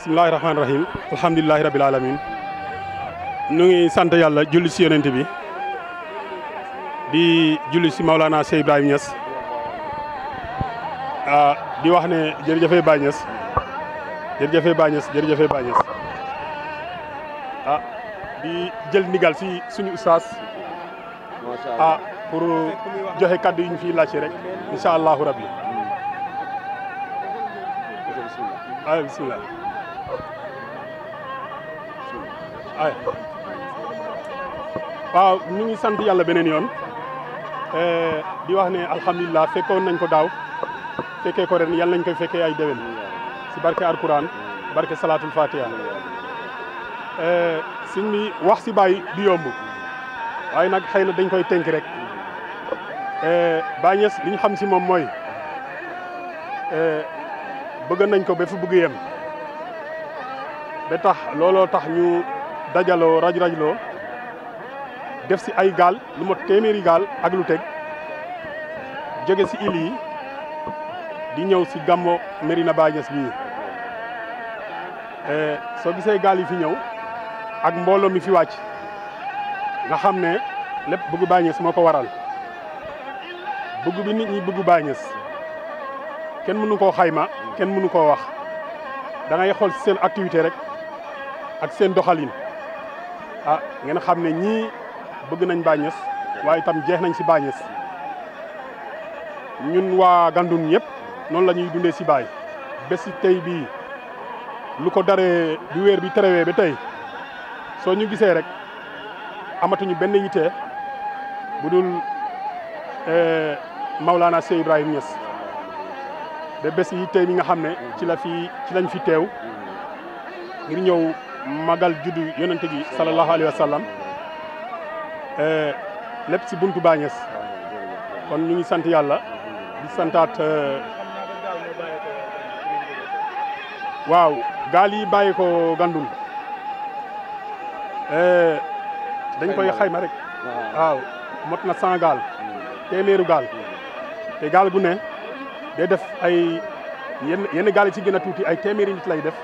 bismillaahi rahmaani rahiim alhamdulillaahi rabbil aalamiin nu ngi sant yàlla julli si yonent bi di julli si Maulana Cheikh Ibrahim Niass ah, di wax ne jërëjëfee Baye Niass jërëjëfee Baye Niass jërëjëfee Baye Niass ah, di jël ndigal si suñu ustaas ah pour joxe kàddu yi ñu fiy rek incha allahu rabbi. Mm. Ah, ay waaw ñu ngi sant yàlla beneen yoon eh, di wax ne alhamdulilah fekkoon nañ ko daaw fekkee ko ren yàlla nañ koy fekkee ay déwén si barke alquran barke salatul fatiha eh, sëñ bi wax si bàyyi du yomb waaye nag xëy na dañ koy tënk rek eh, Baay Ñas li xam si moom mooy bëgg nañ ko ba fu bëgg ba tax looloo tax ñu dajaloo raj rajloo def si ay gaal lu mot téeméeri gaal ak lu teg jóge si île di ñëw si gàmmo Médina Baye Niass bii eh, soo gisee gaal yi fi ñëw ak mbooloo mi fi wàcc nga xam ne lépp bëggu Baye Niass moo ko waral bëgg bi nit ñi bëggu Baye Niass kenn mënu koo xayma kenn mënu koo wax da ngay si seen activité rek ak seen doxalin ah ngeen xam ne ñii bëgg nañ Baye waaye itam jeex nañ si Baye ñun waa Gandoul ñëpp noonu la ñuy dundee si Baye ba si tey bii lu ko dare bi weer bi terewee ba tey soo ñu gisee rek amatuñu benn yitte bu dul eh, Maulana se Ibrahim Niass ba bés yi tey mi nga xam ne ci la fi ci lañ fi teew ngir ñëw. magal juddu yonente gi sallallahu alayhi wa sallam e, lépp si buntu Bañes kon ñu ngi sant yàlla di santaat e, waaw gaal yi bàyyi ko Gandoul e, dañ koy xayma rek waaw mot na cent gaal gaal te gaal bu ne day def ay yen yenn gaal yi ci gën a tuuti ay téeméeri nit lay def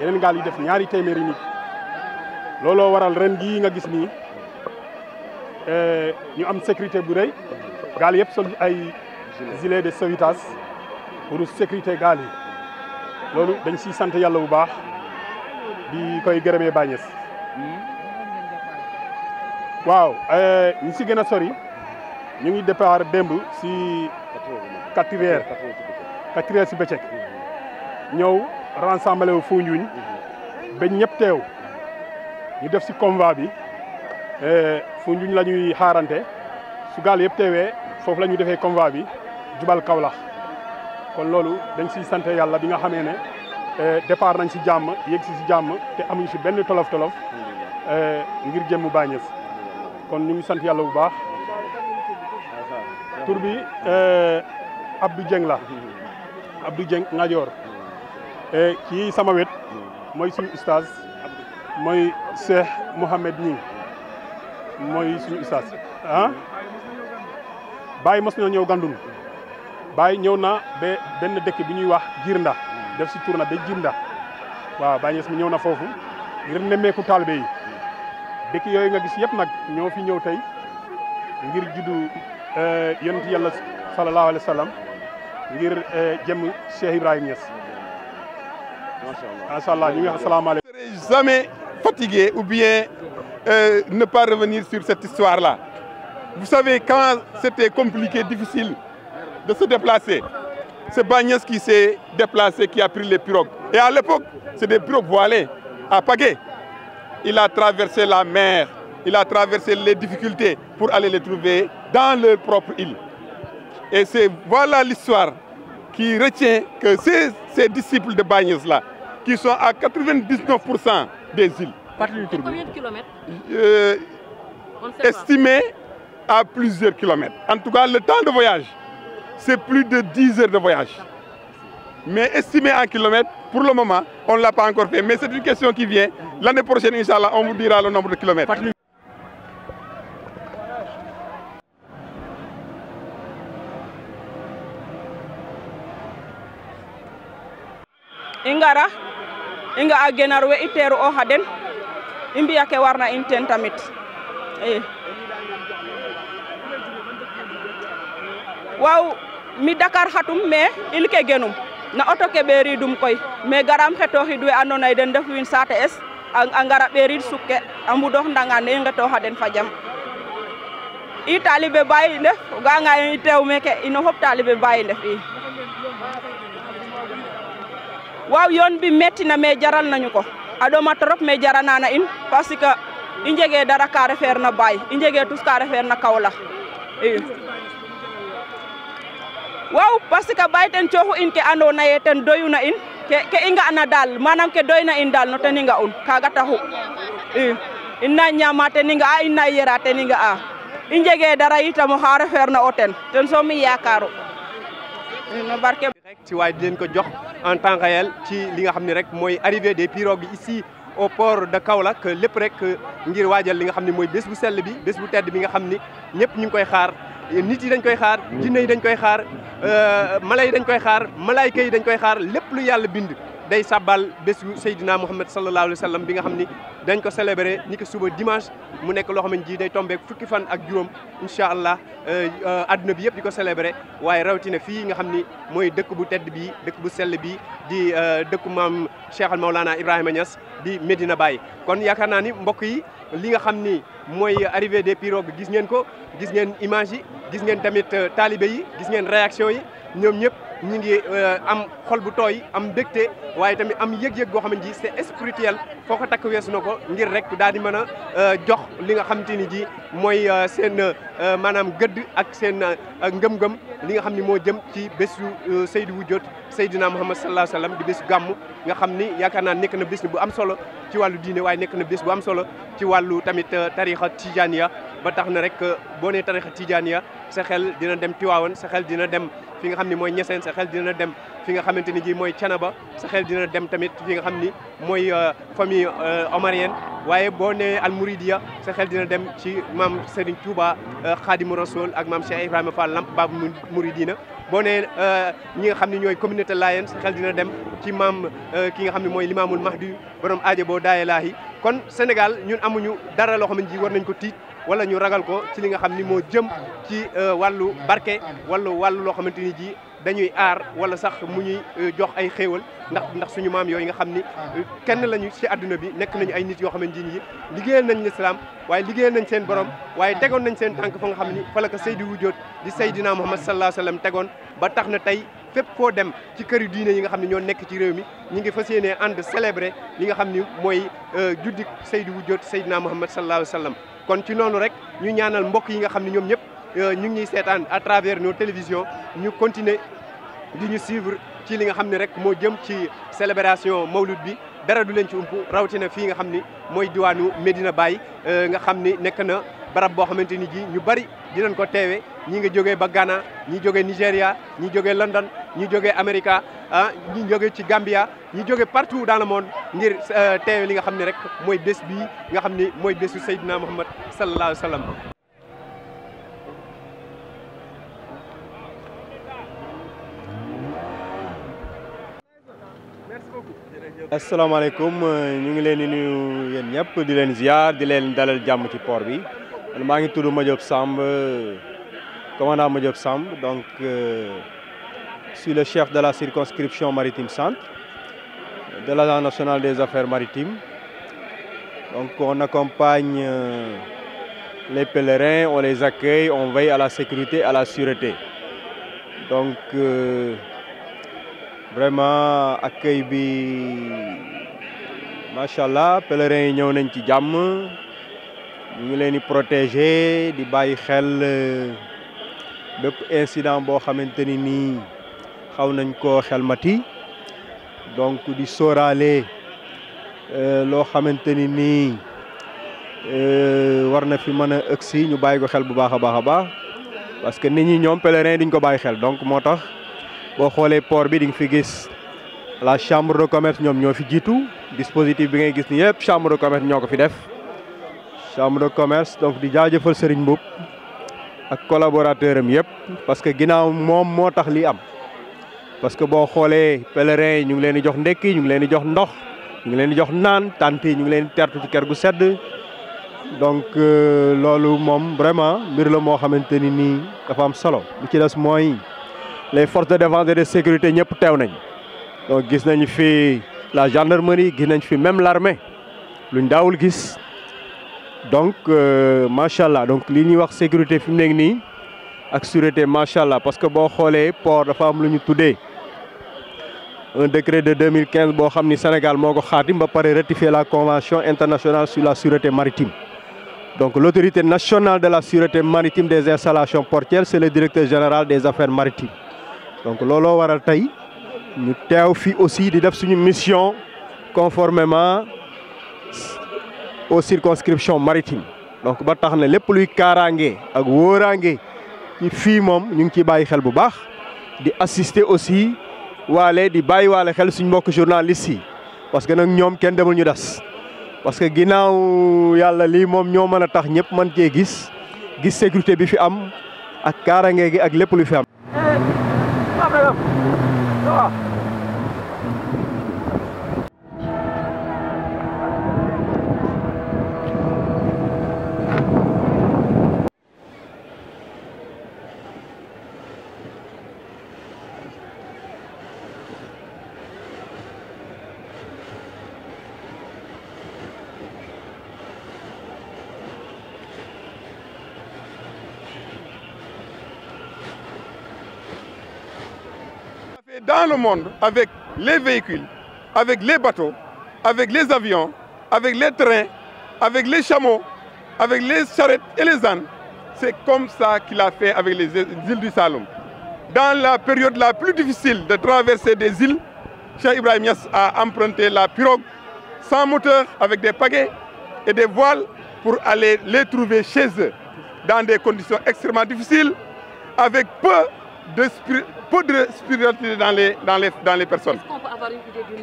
yeneen gaal yu def ñaari téeméeri nit looloo waral ren gii nga gis nii eh, ñu am sécurité bu rëy gaal yëpp sol ay gilet de sauvetage pour sécurité gaal yi loolu dañ siy sant yàlla bu baax di koy gërëmee bàññees waaw eh, ñu si gën a sori ñu ngi départ démb si quatre heures si bëccëg ñëw rassemblé wu Foundiougne ba ñëpp teew ñu def si convoi bi eh, Foundiougne la ñuy xaarante su gaal yëpp teewee foofu la ñu defee convoi bi jubal Kaolack kon loolu dañ siy sant yàlla bi nga xamee ne eh, départ nañ si jàmm yegg si si jàmm te amuñu si benn tolof tolof eh, ngir jëmm bàññeef kon ñu ngi sant yàlla bu baax tur bi Abdou Dieng la Abdou Dieng Ngadior Eh, kii sama wet mooy suñu ustaas mooy Cheikh Mouhamed Ñing mooy suñu ustaas ah Baye mos na ñëw Gandoul Baye ñëw na ba benn dëkk bi ñuy wax Jirnda def si tourna ba Jirnda waaw Baye Niass mi ñëw na foofu ngir nemmeeku taalibe dëkk yooyu nga gis yëpp nag ñoo fi ñëw tey ngir juddu eh, yonent yàlla sallallahu alayhi wa sallam ngir eh, jëm Cheikh Ibrahima macha allah ñu ngi asalaamaaleykum. je ne serai jamais fatigué ou bien euh, ne pas revenir sur cette histoire là vous savez quand c'était compliqué difficile de se déplacer c'est Bagnès qui s'est déplacé qui a pris les pirogues et à l'époque c'est des pirogues voilées à pagaie il a traversé la mer il a traversé les difficultés pour aller les trouver dans leur propre île et c'est voilà l'histoire qui retient que ces, ces disciples de Bagnès là qui sont à 99 pour cent des îles. fàttali bi combien de kilomètres. Euh, estimé à plusieurs kilomètres. en tout cas le temps de voyage c'est plus de dix heures de voyage mais estimé en kilomètres pour le moment on l'a pas encore fait mais c'est question qui vient l'année prochaine inchallah on vous dira le nombre de kilomètres. inga a genar we i teeru den i mbi'a ke warna in teen tamit mi Dakar xatum mais il ke genum na auto ke ɓeeridum koy mais garam xetoxid we andoona den refu in saate es a ngara ɓeerid suk ke a mbudoox ne i nqetooxa den fa jam i taalibe Baay ndef ga'anga yee i teew meeke ino fop taalibe Baay ndef i waaw yoon bi metti na mais jaral nañu ko aɗoma trop mais jaranana in parce que i njegee dara ka refeer na baay i njege tus ka refeer na Kaolack waaw parce que baay ten cooxu in ke andoona yee ten doyuna in ke i nga'na daal manam ke doyna in daal no ten i kaaga taxu in na ñaama ten i nga'a in na yera ten i i njege dara yitam oxa refeer na o ten ten soom i yakaaru ñu barke rek ci waay di ko jox en temps réel ci li nga xam ne rek mooy arrivée des pirogues ici au port de Kaolack lépp rek ngir waajal li nga xam ne mooy bés bu sell bi bés bu tedd bi nga xam ni ñëpp ñu ngi koy xaar nit yi dañ koy xaar jinne yi dañ koy xaar euh, mala yi dañ koy xaar malaayka yi dañ koy xaar lépp lu yàlla bind day sàbbal bésu Seydina Mouhamed sallallahu alayhi wa sallam bi nga xam ni dañ ko selebre ni ko suba dimanche mu nekk loo xam ne ji day tombé fukki fan ak juróom incha allah euh, adduna bi yëpp di ko célébrer waaye rawatina fii nga xam ni mooy dëkk bu tedd bii dëkk bu sell bi di euh, dëkku maam Cheikh al Maulana Ibrahima Niass bi Medina Baye. kon yaakaar naa ni mbokk yi li nga xam ni mooy arrivée des pirogues gis ngeen ko gis ngeen image yi gis ngeen tamit euh, taalibe yi gis ngeen réaction yi ñoom ñëpp. ñu ngi euh, am xol bu tooy am mbégte waaye tamit am yëg-yëg goo xamante ni c'est spirituel foo ko takk weesu na ko ngir rek daal di mën a euh, jox li nga xamante ni ji mooy euh, seen maanaam gëdd ak seen ngëm-ngëm li nga xam ni moo jëm ci bésu euh, Seydou wu jot Seydina Muhammad sallallahu alayhi wa sallam di bésu gàmmu nga xam ni yaakaar naa nekk na bés bu am solo ci wàllu diine waaye nekk na bés bu am solo ci wàllu tamit tarix euh, tarixa tijaniya ba tax na rek euh, boo nee tarixa tijaniya sa xel dina dem Tiwaawan sa xel dina dem fi nga xam ni mooy Ñaseen sa xel dina dem fi nga xamante ni ji mooy Canaba sa xel dina dem tamit fi nga xam ni mooy famille omarienne waaye boo al almouridiya sa xel dina dem ci maam Serigne Touba euh, Khadimu Rasoul ak maam Cheikh Ibrahima Fall Lamp Babu Mouridina boo nee euh, ñi nga xam ne ñooy communauté Layène sa xel dina dem ci maam euh, ki nga xam ne mooy limaamul Mahdi borom aajo boo daaye laahi kon Sénégal ñun amuñu dara loo xam ne ji war nañ ko tiit. wala ñu ragal ko ci li nga xam ni moo jëm ci euh, wàllu barke wala wàllu loo xamante ni ji dañuy aar wala sax mu ñuy euh, jox ay xéewal ndax ndax suñu maam yooyu nga xam ni euh, kenn lañu ci àdduna bi nekk nañu ay nit yoo xamante ni liggéeyal nañ lislaam waaye liggéeyal nañ seen borom waaye tegoon nañ seen tànk fa nga xam ni fa la ko Seydi Wujjoot di Seydina Muhammad sallallahu alayhi wa sallam tegoon ba tax na tey fépp foo dem ci këri diine yi nga xam ne ñoo nekk ci réew mi ñi ngi fa yéenee ànd célébrer li nga xam ni mooy euh, juddik Seydou wu jot Seydina Muhammad sallallahu alayhi wa sallam kon ci noonu rek ñu ñaanal mbokk yi nga xam ne ñoom ñëpp euh, ñu ngi ñuy seetaan à travers nos télévisions ñu continuer di ñu suivre ci li nga xam ne rek moo jëm ci célébration mawlud bi dara du leen ci ump rawatina fii nga xam ni mooy diwaanu Medina Baye euh, nga xam ni nekk na. barab boo xamante ni ji ñu bari dinañ ko teewe ñi nga jógee ba Ghana ñi jógee nigeria ñi jógee London ñi jógee Amérique ah ñi jóge ci Gambia ñi jóge partout dans le monde ngir euh, teewe li nga xam ni rek mooy bés bi nga xam ni mooy bésu Seydina Muhammad sallallahu alayhi wa sallam asalaamaaleykum euh, ñu ngi leen di nuyu yéen ñëpp di leen ziar di leen dalal jàmm ci poor bi man maa ngi tudd Madiop Samb commandant Madiop Samb donc euh, je suis le chef de la circonscription maritime centre de l'agence nationale des affaires maritimes donc on accompagne euh, les pèlerins on les accueille on veille à la sécurité à la sûreté donc euh, vraiment accueil bi macha allah pèlerins yi ñëw nañ ci jàmm. ñu ngi leen di protéger di bàyyi xel euh, bépp incident boo xamante ni nii xaw nañ koo xelmati donc di sóoraale euh, loo xamante ni nii euh, war na fi man a si ñu bàyyi ko xel bu baax a baax parce que nit ñi ñoom pèlerin duñ ko bàyyi xel donc moo tax boo xoolee port bi di nga fi gis la chambre de commerce ñoom ñoo fi jiitu dispositif bi ngay gis ni yëpp chambre de commerce ñoo ko fi def chambre de commerce donc di jaajëfal Serigne Mboup ak collaborateur am yëpp parce que ginnaaw moom moo tax lii am parce que boo xoolee pèlerins yi ñu ngi leen di jox ndekki ñu ngi leen di jox ndox ñu ngi leen di jox naan tante yi ñu leen di tertu ci kër gu sedd donc euh, loolu moom vraiment mbir la moo xamante ni nii dafa am solo li ci des mooy les forces de défense de sécurité ñëpp teew nañ donc gis nañ fi la gendarmerie gis nañ fi même l'armée luñ daawul gis donc euh, macha allah donc lii ñuy wax sécurité fi mu nekk nii ak sûreté macha allah parce que boo xoolee port dafa am lu ñu tuddee un décret de 2015 boo xam ni Sénégal moo ko xaatim ba pare ratifier la convention internationale sur la sûreté maritime. donc l' autorité nationale de la sûreté maritime des installations portières c' le directeur général des affaires maritimes donc looloo waral tey ñu teew fii aussi di def suñu mission conformément. aux circonscriptions maritime donc ba tax na lépp luy kaaraange ak wóoraange fii moom ñu ngi ciy bàyyi xel bu baax di assister aussi waale di bàyyi waale xel suñ mbokk journalistes si parce que nag ñoom kenn demul ñu des parce que ginnaaw yàlla lii moom ñoo mën a tax ñëpp man cee gis gis sécurité bi fi am ak kaaraange gi ak lépp lu fi am eh, dans le monde avec les véhicules, avec les bateaux, avec les avions, avec les trains, avec les chameaux, avec les charrettes et les ânes. C'est comme ça qu'il a fait avec les îles du Saloum. Dans la période la plus difficile de traverser des îles, Cheikh Ibrahim Niass a emprunté la pirogue sans moteur, avec des pagaies et des voiles pour aller les trouver chez eux, dans des conditions extrêmement difficiles, avec peu pour de spiritualité dans les, dans les, dans les personnes. Est-ce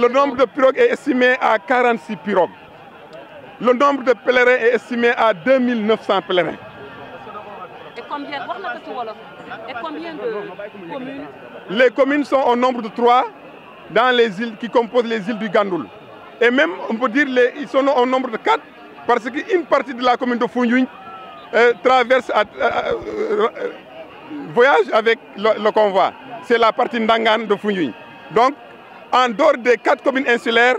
Le nombre de pirogues est estimé à 46 pirogues. Le nombre de pèlerins est estimé à 2900 pèlerins. Et combien, et combien de communes Les communes sont au nombre de trois dans les îles qui composent les îles du Gandoul. Et même, on peut dire, les, sont au nombre de quatre parce qu'une partie de la commune de Founioun euh, traverse à, à, à, euh, voyage avec le, le convoi. C'est la partie Ndangan de Founioui. Donc, en dehors des quatre communes insulaires,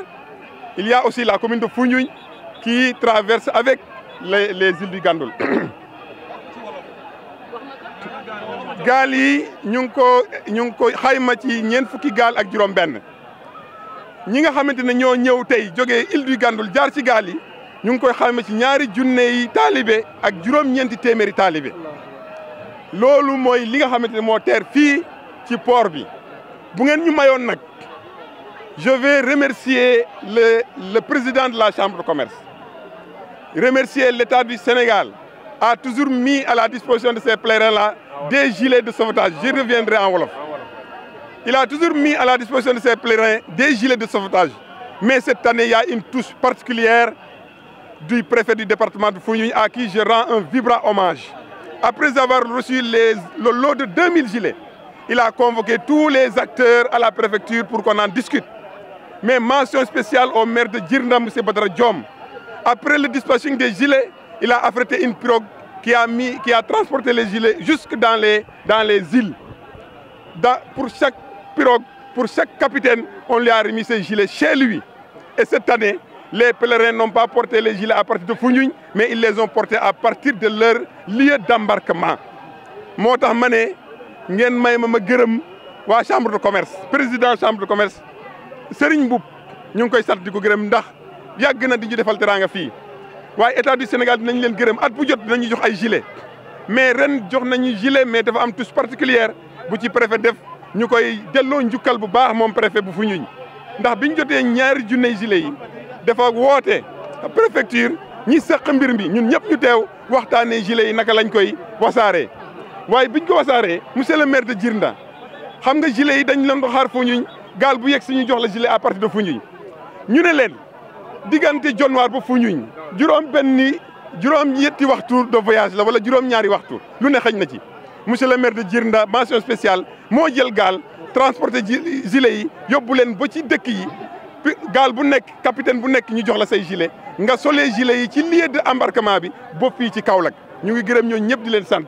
il y a aussi la commune de Founioui qui traverse avec les, les îles du Gandoul. yi ñu ngi ko ñu ngi ko xayma ci ñeent fukki gaal ak juróom benn ñi nga xamante ne ñoo ñëw tey jógee île Gandoul jaar ci gaal yi ñu ngi koy xayma ci ñaari junne yi taalibe ak juróom-ñeenti téeméeri taalibe loolu mooy li nga xamante ne moo teer fii ci port bi bu ngeen ñu mayoon nag je vais remercier le le président de la chambre de commerce remercier l'État du Sénégal a toujours mis à la disposition de ces pèlerins-là des gilets de sauvetage je reviendrai en wolof il a à la disposition de ces pèlerins des gilets de sauvetage mais cette année il y a une particulière du préfet du département de Foundiougne à qui je rends un vibrant hommage Après avoir reçu les, le lot de 2000 gilets, il a convoqué tous les acteurs à la préfecture pour qu'on en discute. Mais mention spéciale au maire de Djirndam, M. Badra Diom. Après le dispatching des gilets, il a affrété une pirogue qui a, mis, qui transporté les gilets jusque dans les, dans les îles. Dans, pour chaque pirogue, pour chaque capitaine, on lui a remis ses gilets chez lui. Et cette année, Les pèlerins n'ont pas porté les gilets à partir de Foundiougne, mais ils les ont portés à partir de leur lieu d'embarquement. moo tax ma ne ngeen may ma ma gërëm waa chambre de commerce président chambre de commerce Serigne Mboup ñu ngi koy sant di ko gërëm ndax yàgg na di ñu defal teraanga fii waaye état du Sénégal dinañ leen gërëm at bu jot dinañu jox ay jile mais ren jox nañu gilet mais dafa am touche particulière bu ci préfet def ñu koy delloo njukkal bu baax moom préfet bu Foundiougne ndax biñ jotee ñaari junney gilet yi dafa woote préfecture ñi sëq mbir mi ñun ñëpp ñu teew waxtaanee gilet yi naka lañ koy wasaaree. waaye biñ ko wasaaree monsieur le maire de Djirnda xam nga gilet yi dañ leen ko xaar Foundiougne gaal bu yegg si ñu jox la gilet à partir de ñuñ ñu ne leen diggante Dionewar ba Foundiougne juróom benni juróom ñetti waxtu de voyage la wala juróom ñaari waxtu lu ne xëñ na ci monsieur le maire de Djirnda mention spéciale moo jël gaal transporté gilet yi yóbbu leen ba ci dëkk yi gaal bu nekk capitaine bu nekk ñu jox la say gilet nga solee gilet yi ci lieu de embarquement bi ba fii ci Kaolack ñu ngi gërëm ñooñu ñëpp di leen sant.